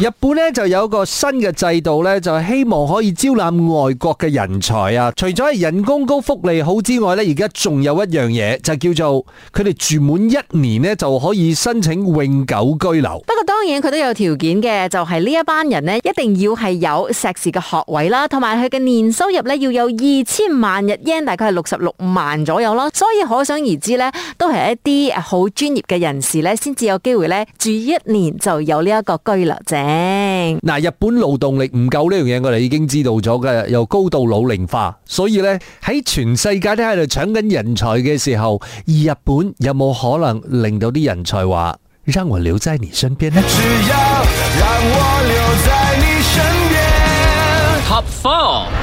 日本咧就有一個新嘅制度咧，就係希望可以招攬外國嘅人才啊！除咗係人工高、福利好之外咧，而家仲有一樣嘢就叫做佢哋住滿一年咧就可以申請永久居留。不過當然佢都有條件嘅，就係呢一班人咧一定要係有碩士嘅學位啦，同埋佢嘅年收入咧要有二千萬日元，大概係六十六萬左右咯。所以可想而知咧，都係一啲好專業嘅人士咧，先至有機會咧住一年就。有呢一個居留證。嗱，日本勞動力唔夠呢樣嘢，我哋已經知道咗㗎。又高度老齡化，所以呢，喺全世界都喺度搶緊人才嘅時候，日本有冇可能令到啲人才話讓我留在你身邊呢？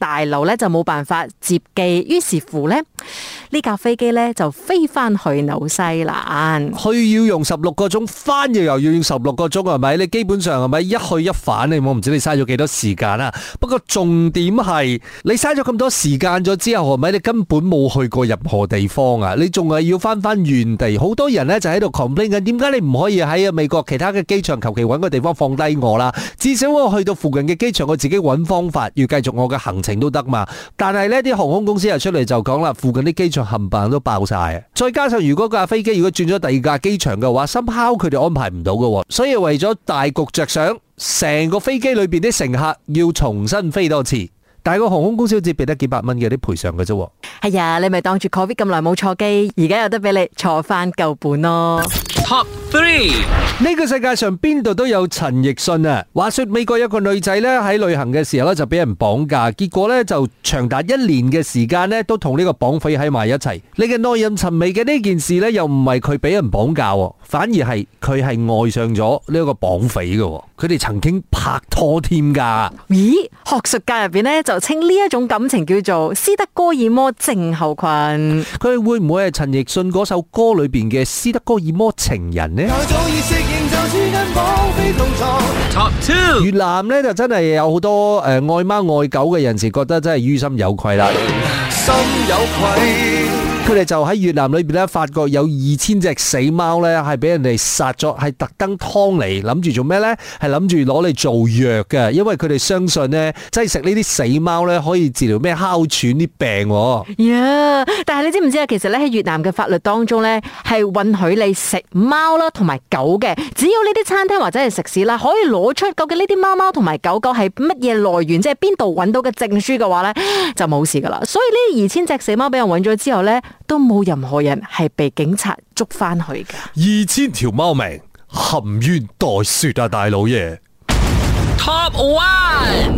大樓呢，就冇辦法接機，於是乎呢。呢架飛機呢，就飛翻去紐西蘭，去要用十六個鐘，翻又又要用十六個鐘，係咪？你基本上係咪一去一返？你我唔知你嘥咗幾多時間啦。不過重點係你嘥咗咁多時間咗之後，係咪你根本冇去過任何地方啊？你仲係要翻翻原地？好多人呢，就喺度 complain 緊，點解你唔可以喺美國其他嘅機場求其揾個地方放低我啦？至少我去到附近嘅機場，我自己揾方法要繼續我嘅行程都得嘛。但係呢啲航空公司又出嚟就講啦，附近。啲機場冚唪唥都爆晒。啊！再加上如果架飛機如果轉咗第二架機場嘅話，somehow 佢哋安排唔到嘅，所以為咗大局着想，成個飛機裏邊啲乘客要重新飛多次。但係個航空公司好似只俾得幾百蚊嘅啲賠償嘅啫。係、哎、呀，你咪當住 Covid 咁耐冇坐機，而家有得俾你坐翻舊本咯。呢個世界上邊度都有陳奕迅啊！話說美國一個女仔呢，喺旅行嘅時候呢，就俾人綁架，結果呢，就長達一年嘅時間呢，都同呢個綁匪喺埋一齊。你嘅耐人尋味嘅呢件事呢，又唔係佢俾人綁架，啊，反而係佢係愛上咗呢一個綁匪嘅。佢哋曾經拍拖添噶。咦？學術界入邊呢，就稱呢一種感情叫做斯德哥爾摩症候群。佢會唔會係陳奕迅嗰首歌裏邊嘅斯德哥爾摩情人咧？早已適應就越南呢，就真係有好多誒愛貓愛狗嘅人士，覺得真係於心有愧啦。心有愧佢哋就喺越南裏邊咧，發覺有二千隻死貓咧，係俾人哋殺咗，係特登劏嚟，諗住做咩咧？係諗住攞嚟做藥嘅，因為佢哋相信呢，即係食呢啲死貓咧，可以治療咩哮喘啲病啊。呀！Yeah, 但係你知唔知啊？其實咧，喺越南嘅法律當中咧，係允許你食貓啦，同埋狗嘅，只要呢啲餐廳或者係食肆啦，可以攞出究竟呢啲貓貓同埋狗狗係乜嘢來源，即係邊度揾到嘅證書嘅話咧，就冇事噶啦。所以呢二千隻死貓俾人揾咗之後咧，都冇任何人係被警察捉翻去㗎，二千條貓命含冤待雪啊，大老爺！Top One，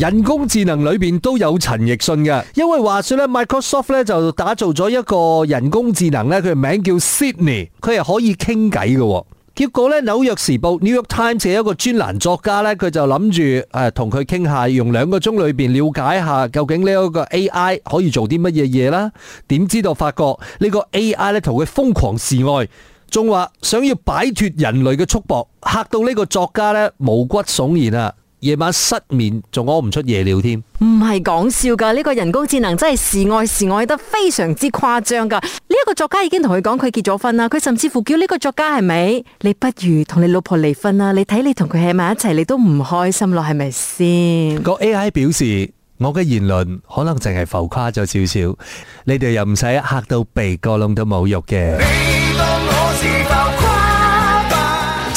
人工智能裏邊都有陳奕迅嘅，因為話說咧，Microsoft 咧就打造咗一個人工智能咧，佢嘅名叫 Sydney，佢係可以傾偈嘅。結果咧，《紐約時報》（New York Times） 嘅一個專欄作家咧，佢就諗住誒同佢傾下，用兩個鐘裏邊了解下究竟呢一個 AI 可以做啲乜嘢嘢啦，點知道發覺呢個 AI 咧同佢瘋狂示愛，仲話想要擺脱人類嘅束縛，嚇到呢個作家咧毛骨悚然啊！夜晚失眠，仲屙唔出夜尿添？唔係講笑噶，呢個人工智能真係示愛示愛得非常之誇張噶。呢一個作家已經同佢講佢結咗婚啦，佢甚至乎叫呢個作家係咪？你不如同你老婆離婚啦？你睇你同佢喺埋一齊，你都唔開心咯，係咪先？個 A I 表示我嘅言論可能淨係浮誇咗少少，你哋又唔使嚇到鼻哥窿都冇肉嘅。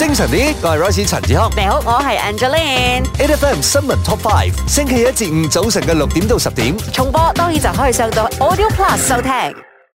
精神啲，我係 Rice 陳志康。你好，我係 Angelina。AFM 新聞 Top Five，星期一至五早晨嘅六點到十點，重播，當然就可以上到 Audio Plus 收聽。